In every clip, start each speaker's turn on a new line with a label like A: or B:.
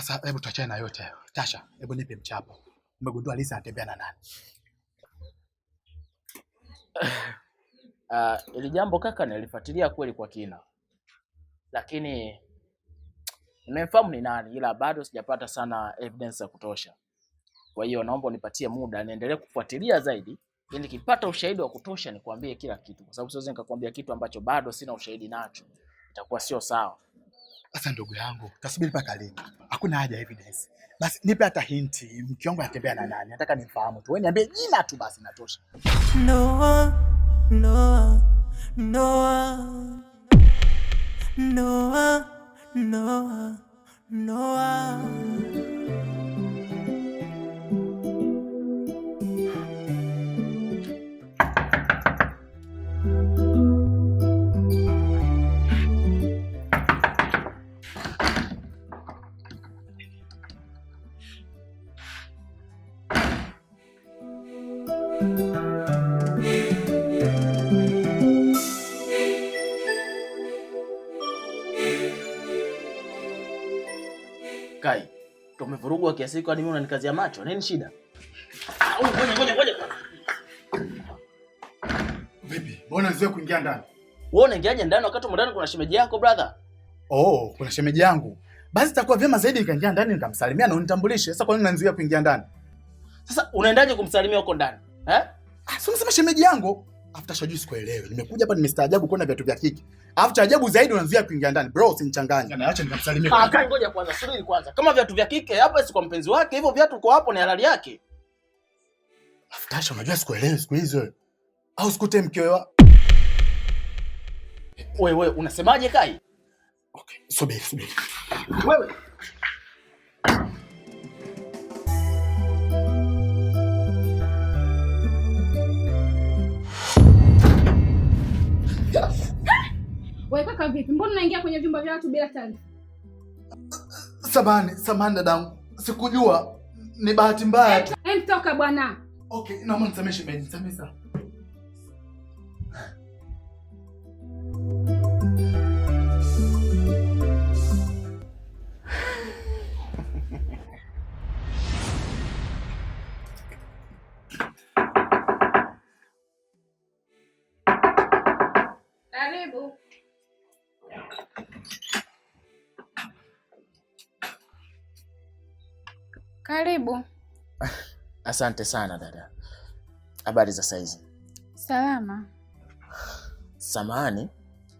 A: Sasa hebu tuachane na yote hayo. Tasha, hebu nipe mchapo. Umegundua Lisa anatembea na nani?
B: Uh, ah, ili jambo kaka, nilifuatilia kweli kwa kina, lakini nimemfahamu ni nani, ila bado sijapata sana evidence ya kutosha. Kwa hiyo naomba unipatie muda niendelee kufuatilia zaidi, ili nikipata ushahidi wa kutosha nikwambie kila kitu, kwa sababu siwezi nikakwambia kitu ambacho bado sina ushahidi nacho, itakuwa sio sawa.
A: Sasa ndugu yangu, tasubiri mpaka lini? Hakuna haja ya evidence. Basi nipe hata hinti, mke wangu anatembea na nani? Nataka nimfahamu tu. Wewe niambie jina tu basi natosha. Noah, Noah, Noah. Noah, Noah, Noah.
B: kiasi hiko hadi mimi unanikazia macho. Nini shida? Au ah, ngoja ngoja ngoja.
A: Vipi? Mbona unaweza kuingia ndani?
B: Wewe unaingiaje ndani wakati huko ndani kuna shemeji yako brother?
A: Oh, kuna shemeji yangu. Basi itakuwa vyema zaidi nikaingia ndani nikamsalimia na unitambulishe. Sasa kwa nini unanizuia kuingia ndani?
B: Sasa unaendaje kumsalimia huko ndani? Eh?
A: Ah, sio msema shemeji yangu. After show sikuelewe. Nimekuja hapa nimestaajabu kuona viatu vya kike. Alafu cha ajabu zaidi unaanzia kuingia ndani. Bro, usinichanganye. Na yaani acha nikamsalimie.
B: Ah, kai ngoja kwanza, subiri kwanza. Kama viatu vya kike hapo si kwa mpenzi wake, hivyo viatu kwa hapo ni halali yake.
A: After show unajua sikuelewe siku hizo wewe. Au sikute wewe.
B: Wewe unasemaje kai?
A: Okay, subiri, subiri.
B: Wewe
C: mnatoka vipi? Mbona unaingia kwenye vyumba vya watu bila taarifa?
A: Samani, samani dadangu, sikujua, ni bahati mbaya tu.
C: Hem, toka bwana.
A: Okay, naomba nisamehe shemeji, nisamehe sana.
D: Karibu. Karibu.
B: Asante sana dada. Habari za saizi?
D: Salama.
B: Samahani,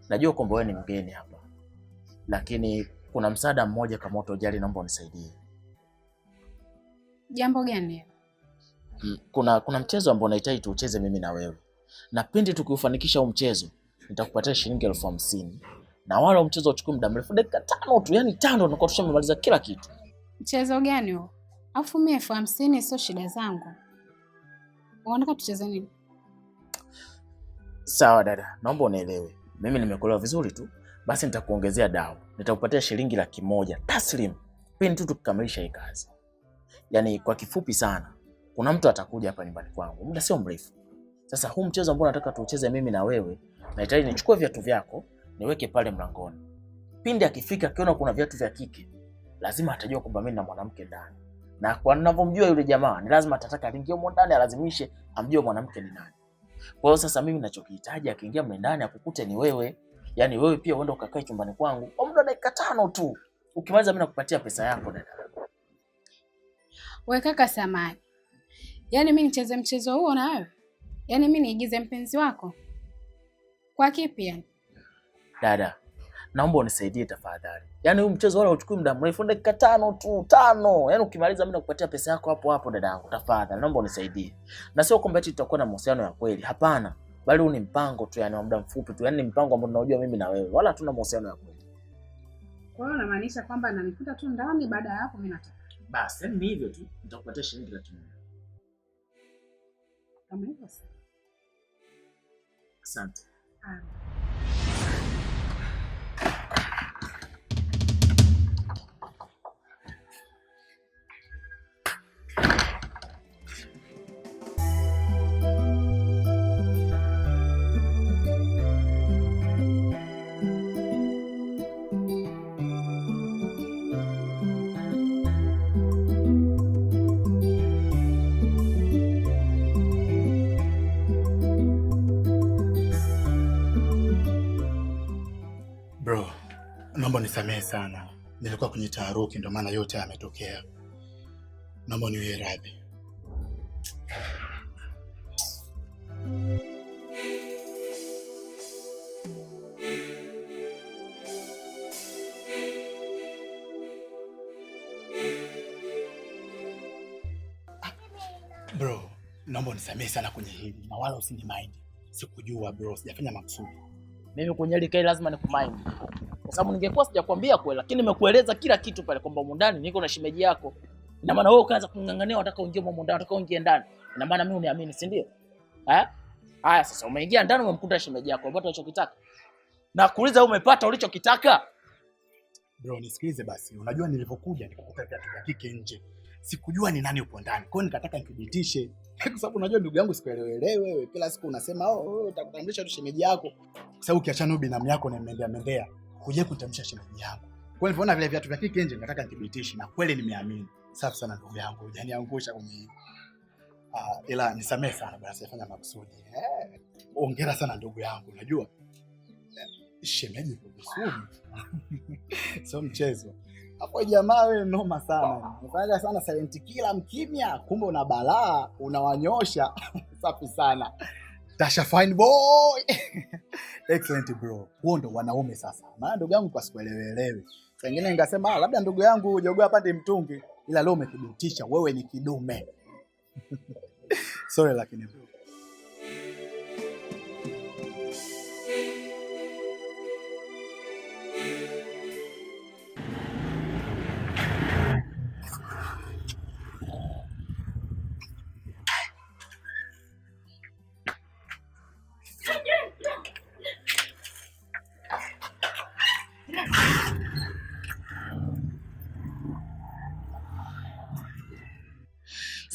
B: najua kwamba wewe ni mgeni hapa, lakini kuna msaada mmoja kama utojali, naomba unisaidie.
D: Jambo gani?
B: Mm, kuna kuna mchezo ambao nahitaji tuucheze mimi na wewe, na pindi tukiufanikisha huu mchezo nitakupatia shilingi elfu hamsini na wala mchezo uchukue muda mrefu, dakika tano tu, yani tano tunakuwa tushamaliza kila kitu.
D: Mchezo gani huo? Alafu mimi elfu hamsini sio shida zangu. Unataka tucheze nini?
B: Sawa dada, naomba unielewe, mimi nimekuelewa vizuri tu. Basi nitakuongezea dau, nitakupatia shilingi laki moja taslim pindi tu tukikamilisha hii kazi. Yani kwa kifupi sana, kuna mtu atakuja hapa nyumbani kwangu muda sio mrefu. Sasa huu mchezo ambao nataka tuucheze mimi na wewe, nahitaji nichukue viatu vyako niweke pale mlangoni. Pindi akifika akiona kuna viatu vya kike, lazima atajua kwamba mimi na mwanamke ndani, na kwa ninavyomjua yule jamaa, ni lazima atataka aingie humo ndani, alazimishe amjue mwanamke ni nani. Kwa hiyo sasa, mimi ninachokihitaji akiingia mle ndani akukute ni wewe, yani wewe pia uende ukakae chumbani kwangu kwa muda dakika tano tu. Ukimaliza mimi nakupatia pesa yako dada.
D: Wewe kaka samani, yaani mimi nicheze mchezo huo na wewe? Yaani mimi niigize mpenzi wako kwa kipi yani?
B: dada, naomba unisaidie tafadhali, yaani huu mchezo wala uchukui muda mrefu, dakika tano tu, tano. Yaani ukimaliza mimi nakupatia pesa yako hapo hapo. dada yangu, tafadhali naomba unisaidie, na sio kwamba eti tutakuwa na mahusiano ya kweli, hapana, bali huu ni mpango tu, yani wa muda mfupi tu, yani ni mpango ambao tunaojua mimi na wewe, wala hatuna mahusiano ya kweli.
D: Kwa hiyo unamaanisha kwamba ananikuta tu ndani, baada ya hapo mimi nataka
B: basi, yani ni hivyo tu, nitakupatia shilingi laki moja. Kama hivyo, asante.
A: Naomba nisamehe sana, nilikuwa kwenye taharuki, ndio maana yote yametokea. Naomba niwie radhi. Bro, naomba unisamehe sana kwenye hili na wala usini Sikujua bro, sijafanya makusudi.
B: Mimi kwenye hili kai lazima nikumind kwa sababu ningekuwa sijakwambia kweli, lakini nimekueleza kila kitu pale kwamba humu ndani niko na shemeji yako. Ina maana wewe ukaanza kung'ang'ania, wataka uingie humu ndani, wataka uingie ndani, ina maana mimi uniamini, si ndio? Eh, haya sasa, umeingia ndani, umemkuta shemeji yako, umepata unachokitaka. Na kuuliza umepata ulichokitaka?
A: Bro, nisikilize basi. Unajua nilipokuja nikakuta viatu vya kike nje, sikujua ni nani upo ndani, kwa hiyo nikataka nithibitishe kwa sababu unajua ndugu yangu sikuelewelewe wewe, kila siku unasema oh, utakutambulisha tu shemeji yako, kwa sababu ukiachana binamu yako na mendea mendea kuja kutamsha shemeji yako. Kwa hiyo nilipoona vile viatu vya kike nje nataka nithibitishe na kweli nimeamini. Safi sana ndugu yangu, hujaniangusha kwenye hii. Ah, ila nisamehe sana bwana, sifanya makusudi. Eh, ongera sana ndugu yangu, unajua? Eh, shemeji kwa kusudi. Sio mchezo. Hapo jamaa wewe noma sana. Unafanyaga sana silent kila mkimya, kumbe una balaa, unawanyosha. Safi sana. Tasha fine boy. Excellent bro. Huo ndo wanaume sasa. Maana ndugu yangu kwa sikuelewelewe. Sengine ningesema ah, labda ndugu yangu jogoa pande mtungi, ila leo umethibitisha wewe ni kidume. Sorry lakini bro.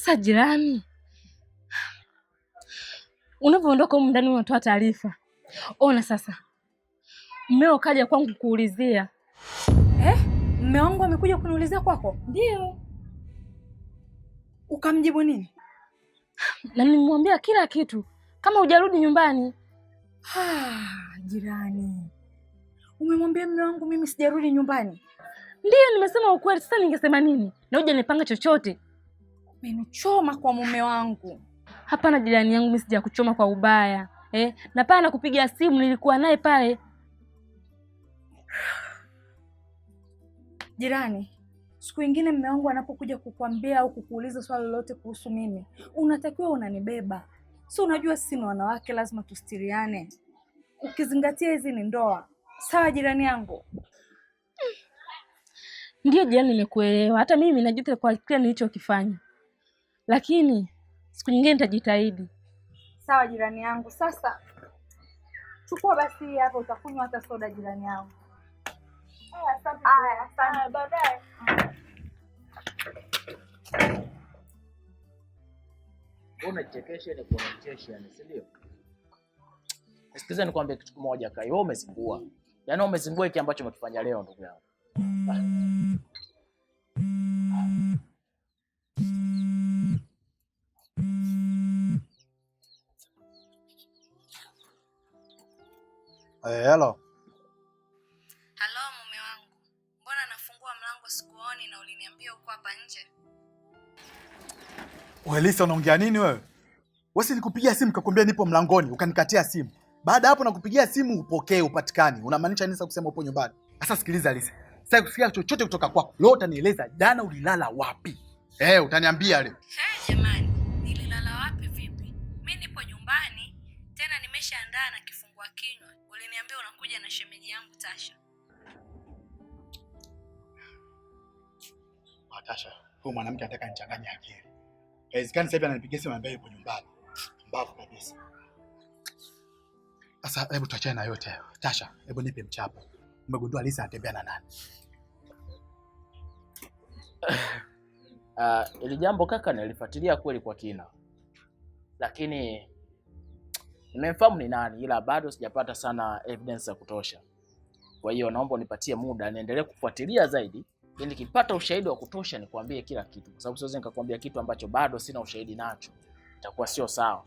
C: Sasa jirani, unavyoondoka humu ndani unatoa taarifa. Ona sasa, mmeo kaja kwangu kuulizia. Eh, mme wangu amekuja kuniulizia kwako? Ndio. Ukamjibu nini? Na nimwambia kila kitu, kama hujarudi nyumbani. Ha, ah, jirani, umemwambia mme wangu mimi sijarudi nyumbani? Ndiyo, nimesema ukweli. Sasa ningesema nini? Na nipanga chochote Umenichoma kwa mume wangu. Hapana jirani yangu, mimi sija kuchoma kwa ubaya eh? Na pale nakupigia simu nilikuwa naye pale. Jirani, siku ingine mume wangu anapokuja kukuambia au kukuuliza swali lolote kuhusu mimi, unatakiwa unanibeba. Si unajua sisi ni wanawake, lazima tustiriane, ukizingatia hizi ni ndoa. Sawa jirani yangu? Ndio jirani, nimekuelewa. Hata mimi najuta kwa kile nilichokifanya lakini siku nyingine nitajitahidi. Sawa jirani yangu. Sasa chukua basi hapo, utakunywa hata soda jirani yangu. Haya, asante. Baadaye
B: unachekesha ni si ndio? Sikiza kitu kimoja, Kai, wewe umezingua, yaani umezingua hiki ambacho umekifanya leo, ndugu yangu.
A: Eh, hello.
E: Hello, mume wangu, mbona nafungua mlango sikuoni na uliniambia uko hapa nje?
A: Lisa unaongea nini wewe? Wewe nikupigia simu kakwambia nipo mlangoni, ukanikatia simu. Baada hapo nakupigia simu upokee, upatikani. Unamaanisha nini sasa kusema upo nyumbani? Sasa sikiliza Lisa, sasa kusikia chochote kutoka kwako leo, utanieleza jana ulilala wapi? Eh, utaniambia leo.
E: Hey, jamani ulijiandaa na kifungua kinywa, uliniambia unakuja na shemeji yangu Tasha.
A: Ah, Tasha, huyu mwanamke anataka nichanganye akili. Haiwezekani sasa hivi ananipigia simu ambaye yuko nyumbani. Mbavu kabisa. Sasa hebu tuachane na yote hayo. Tasha, hebu nipe mchapo. Umegundua Lisa anatembea na nani?
B: Uh, ah, ili jambo kaka nilifuatilia kweli kwa kina, lakini Nimemfahamu ni nani, ila bado sijapata sana evidence ya kutosha. Kwa hiyo naomba unipatie muda niendelee kufuatilia zaidi, ili nikipata ushahidi wa kutosha nikwambie kila kitu, kwa sababu siwezi nikakwambia kitu ambacho bado sina ushahidi nacho, itakuwa sio sawa.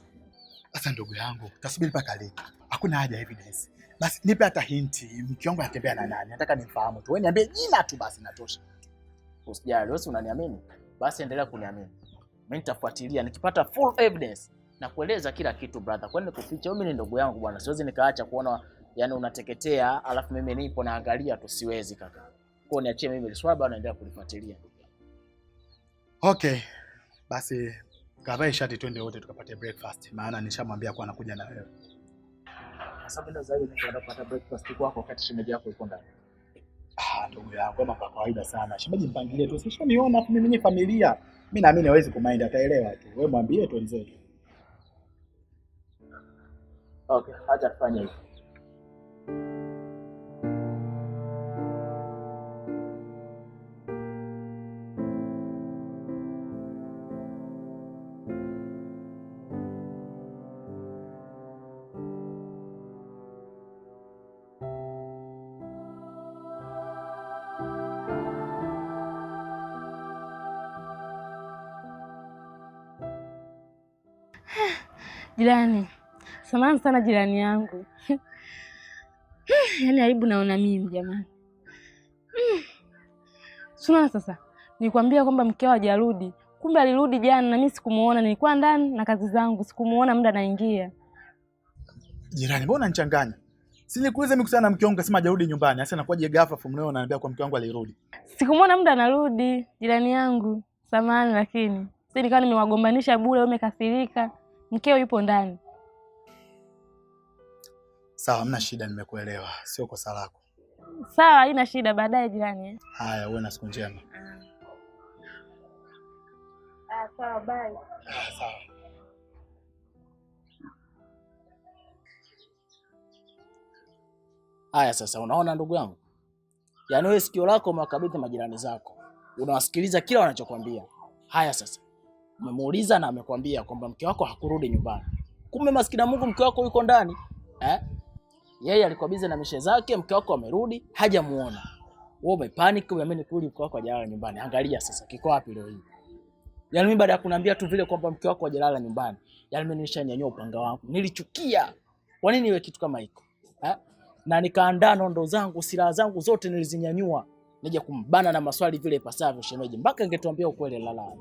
A: Sasa ndugu yangu, tasubiri mpaka lini? Hakuna haja ya evidence. Basi nipe hata hinti, mke wangu anatembea na nani? Nataka nimfahamu tu, wewe niambie jina tu, basi natosha.
B: Usijali, wewe unaniamini, basi endelea kuniamini mimi, nitafuatilia nikipata full evidence na kueleza kila kitu brother, kwani kuficha mimi? Ni ndugu yangu bwana, siwezi nikaacha kuona yani unateketea, alafu mimi nipo naangalia tu, siwezi kaka. Kwa hiyo niachie mimi swala bwana, naendelea kulifuatilia.
A: Okay, basi kavae shati, twende wote tukapate breakfast, maana nishamwambia kwa anakuja na wewe. Ah, ndugu yangu kama kwa kawaida sana, shemeji mpangilie tu, sishaniona mimi mwenye familia, mimi naamini hawezi kumind, ataelewa tu, wewe mwambie tu mzee
B: Okay, acha tufanye hivi.
C: Jirani Samahani sana jirani yangu. Yaani aibu naona mimi jamani. Suna sasa. Nikwambia kwamba mkeo hajarudi. Kumbe alirudi jana na mimi sikumuona, nilikuwa ndani na kazi zangu, sikumuona muda naingia.
A: Jirani, mbona unanichanganya? Si nikuuliza mimi kusana na mke wangu kasema hajarudi nyumbani. Sasa nakuja ghafla from leo unaniambia kwa mke wangu alirudi?
C: Sikumuona muda anarudi, jirani yangu. Samahani lakini. Si nikawa nimewagombanisha bure, umekasirika. Mkeo yupo ndani.
A: Sawa, hamna shida, nimekuelewa. Sio kosa lako.
C: Sawa, haina shida. Baadaye jirani. Eh.
A: Haya, uwe na siku njema. Ah.
C: ah, sawa, bye.
A: Ah, sawa.
B: Haya, sasa unaona ndugu yangu, yaani wewe sikio lako umewakabidhi majirani zako, unawasikiliza kila wanachokwambia. Haya, sasa umemuuliza na amekwambia kwamba mke wako hakurudi nyumbani, kumbe maskini Mungu mke wako yuko ndani eh? Yeye alikuwa bize na mishe zake, mke wako amerudi, hajamuona. Wewe umepanic, umeamini kweli mke wako hajalala nyumbani. Angalia sasa kiko wapi leo hii. Yani mimi baada ya kuniambia tu vile kwamba mke wako hajalala nyumbani, yani mimi nilishanyanyua upanga wangu. Nilichukia. Kwa nini iwe kitu kama hiko? Eh? Na nikaandaa nondo zangu, silaha zangu zote nilizinyanyua. Nije kumbana na maswali vile ipasavyo shemeji, mpaka ingetuambia ukweli lala.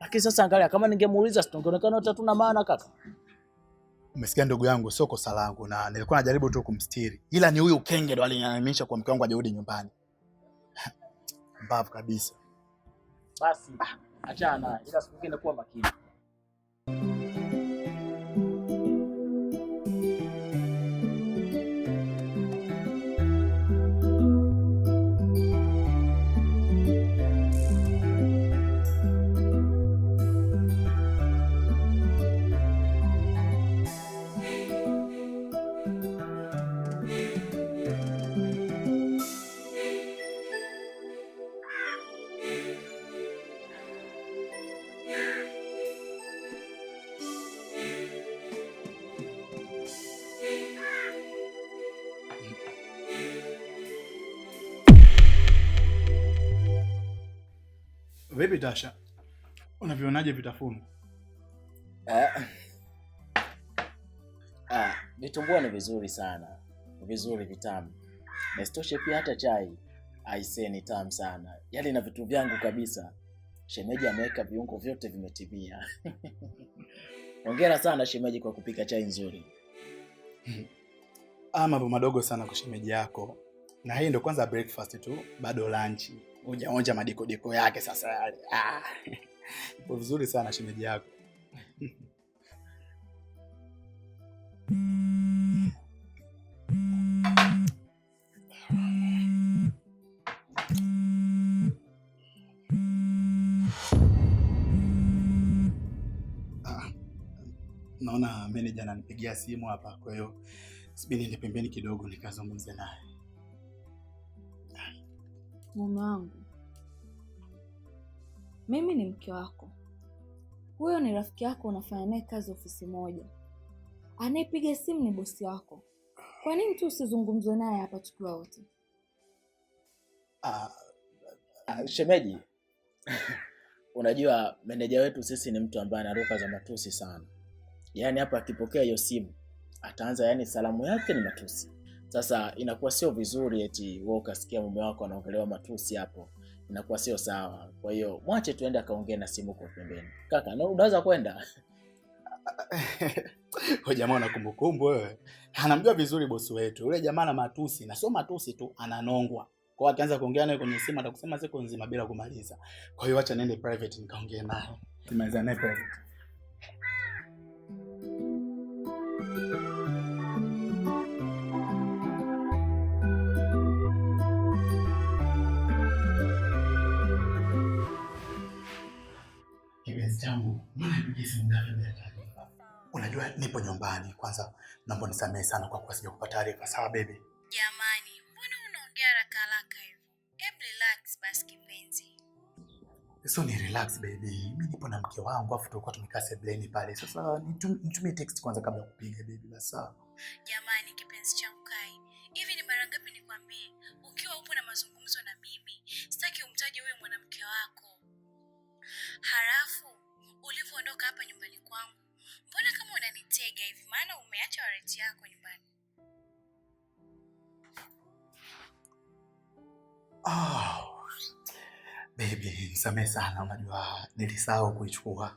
B: Lakini sasa angalia, kama ningemuuliza sitongeonekana hata tuna maana kaka.
A: Umesikia ndugu yangu, sio kosa langu na nilikuwa najaribu tu kumstiri, ila ni huyu ukenge ndo aliniamisha kwa mke wangu ajirudi nyumbani. Mbavu kabisa.
B: Basi achana, ila siku nyingine kuwa makini.
A: Vipi Tasha, unavionaje vitafunwa?
B: Ah. Ah, vitumbua ni vizuri sana, vizuri vitamu, na sitoshe pia hata chai aisee, ni tamu sana, yaani na vitu vyangu kabisa. Shemeji ameweka viungo vyote vimetimia. Hongera sana shemeji kwa kupika chai nzuri. Hmm.
A: Ah, mambo madogo sana kwa shemeji yako na hii ndo kwanza breakfast tu, bado lunch
B: hujaonja madikodiko yake. Sasa yale ah,
A: ipo vizuri sana shemeji yako ah. naona meneja ananipigia simu hapa, kwa hiyo sibini ni pembeni kidogo nikazungumze naye
D: mume wangu, mimi ni mke wako. Huyo ni rafiki yako, unafanya naye kazi ofisi moja. Anayepiga simu ni bosi wako. Kwa nini tu usizungumzwe naye hapa tukiwa wote?
B: Ah, ah, shemeji unajua meneja wetu sisi ni mtu ambaye anaruka za matusi sana. Yaani hapa akipokea hiyo simu ataanza, yaani salamu yake ni matusi. Sasa inakuwa sio vizuri eti wewe ukasikia mume wako anaongelewa matusi hapo, inakuwa sio sawa. Kwa hiyo mwache tuende akaongee na simu kwa pembeni. Kaka, unaweza kwenda
A: Ho jamaa na kumbukumbu wewe. Anamjua vizuri bosi wetu. Yule jamaa na matusi, na sio matusi tu ananongwa. Kwa hiyo akianza kuongea naye kwenye simu atakusema siku nzima bila kumaliza. Kwa hiyo acha niende private nikaongee naye. Tumaliza naye private. yangu simu taarifa. Unajua nipo nyumbani. Kwanza naomba nisamehe sana kwa kuwa sija kupata taarifa. Sawa baby.
E: Jamani, mbona unaongea haraka haraka hivyo? Hebu relax basi kipenzi.
A: So ni relax baby, mi nipo na mke wangu, afu tulikuwa tumekaa sebleni pale. Sasa nitumie text kwanza kabla ya kupiga baby. Basi sawa.
E: Jamani kipenzi changu Kai, hivi ni mara ngapi nikwambie, ukiwa upo na mazungumzo na mimi sitaki umtaje huyo mwanamke wako halafu ulivyoondoka hapa nyumbani kwangu. Mbona kama unanitega hivi? Maana umeacha wareti yako nyumbani.
A: Ah, baby, sana, unajua nilisahau kuichukua.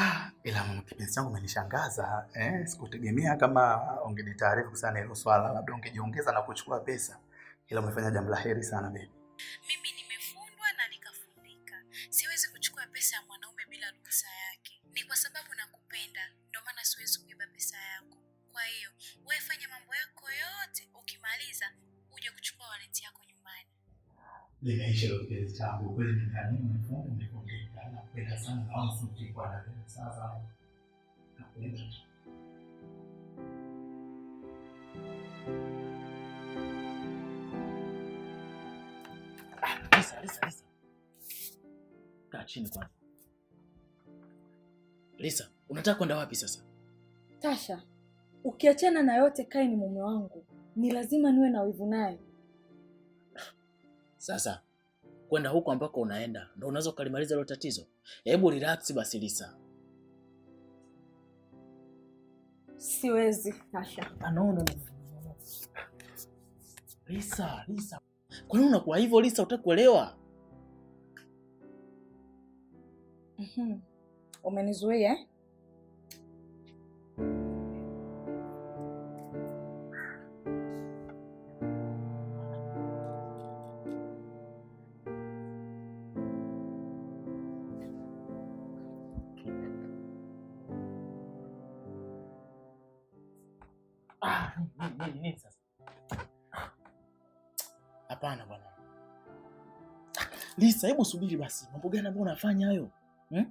A: Ah, ila mama, kipenzi changu umenishangaza eh. Sikutegemea kama ungenitaarifu sana hilo swala, labda ungejiongeza na kuchukua pesa, ila umefanya jambo la heri sana baby.
E: Mimi Siwezi kuchukua pesa ya mwanaume bila ruhusa yake. Ni kwa sababu nakupenda, ndio maana siwezi kuiba pesa yako. Kwa hiyo wefanye mambo yako yote, ukimaliza uje kuchukua waleti yako nyumbani.
A: changu kweli, nakupenda sana sasa. Nakupenda.
B: Kaa chini kwanza. Lisa, unataka kwenda wapi sasa?
D: Tasha, ukiachana na yote, Kai ni mume wangu, ni lazima niwe na wivu naye.
B: Sasa kwenda huko ambako unaenda ndo unaweza ukalimaliza hilo tatizo? Hebu relax basi Lisa.
D: Siwezi Tasha.
B: Ah, no. Lisa, Lisa. Kwa nini unakuwa hivyo Lisa, utakuelewa?
D: Mm-hmm. Umenizuia eh?
B: Hapana bwana Lisa, hebu subiri basi. Mambo gani ambayo unafanya hayo? Eh?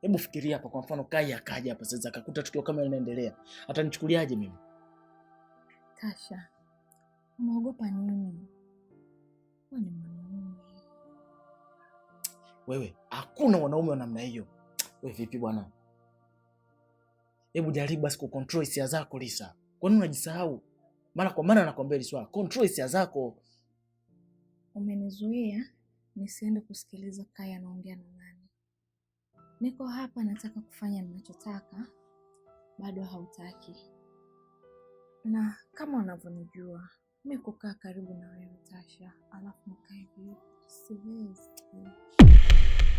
B: Hebu fikiria hapa, kwa mfano Kai akaja hapa sasa akakuta tukio kama linaendelea, atanichukuliaje mimi?
D: Tasha, unaogopa nini? Wewe ni mwanaume
B: wewe, hakuna wanaume wa namna hiyo. Wewe vipi bwana? Hebu jaribu basi kucontrol hisia zako Lisa. Kwa nini unajisahau mara kwa mara? Nakwambia hili swala, control hisia zako.
D: Umenizuia nisiende kusikiliza Kai anaongea na nani niko hapa, nataka kufanya ninachotaka, bado hautaki. Na kama unavyonijua mi kukaa karibu na wewe Tasha, alafu nikae hivi, siwezi.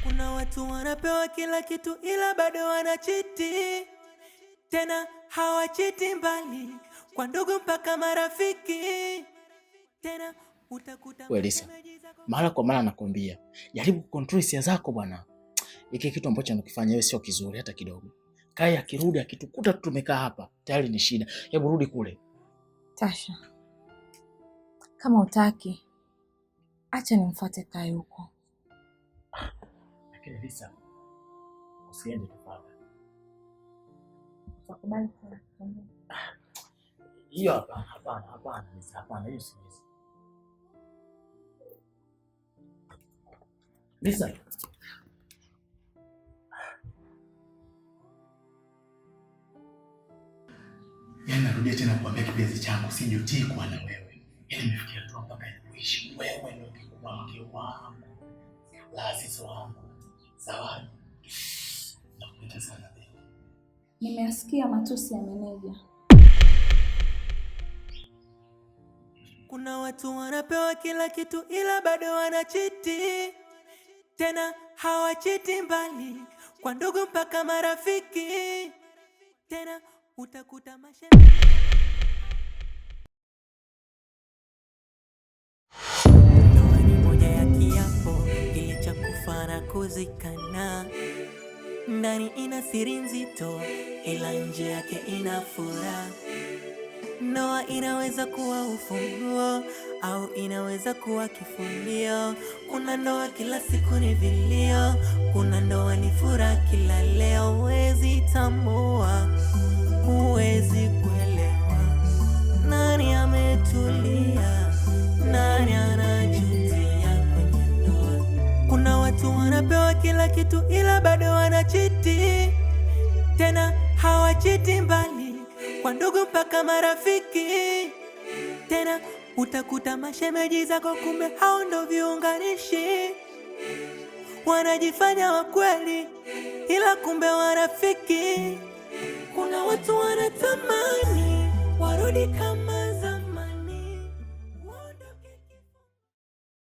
D: Kuna watu wanapewa kila kitu, ila bado wanachiti, tena hawachiti mbali, kwa ndugu mpaka marafiki tena utakuta. Elisa, mara kwa mara nakwambia jaribu kukontrol hisia zako bwana hiki kitu ambacho anakifanya wewe sio kizuri hata kidogo. Kai akirudi akitukuta tumekaa hapa tayari ni shida. Hebu rudi kule. Tasha, kama utaki, acha nimfuate Kai huko. Lakini Lisa, usiende kwa hiyo. Hapana, hapana, hapana, hapana, hiyo siwezi. Lisa Yaani narudia tena kuambia kipenzi changu sijutii kuwa na wewe. Yaani nimefikia tu mpaka kuishi wewe ndio kikuwa mke wangu. La sisi wangu. Zawadi. Nakupenda sana baby. Nimesikia matusi ya meneja. Kuna watu wanapewa kila kitu ila bado wanachiti. Tena hawachiti mbali kwa ndugu mpaka marafiki. Tena utakuta ni moja ya kiapo kilicha kufa na kuzikana. Ndani ina siri nzito, ila nje yake ina furaha. Ndoa inaweza kuwa ufunguo au inaweza kuwa kifulio. Kuna ndoa kila siku ni vilio, kuna ndoa ni furaha kila leo, wezi tamu tu, ila bado wanachiti, tena hawachiti mbali, kwa ndugu mpaka marafiki. Tena utakuta mashemeji zako, kumbe hao ndo viunganishi, wanajifanya wakweli, ila kumbe warafiki. Kuna watu wanatamani warudi kama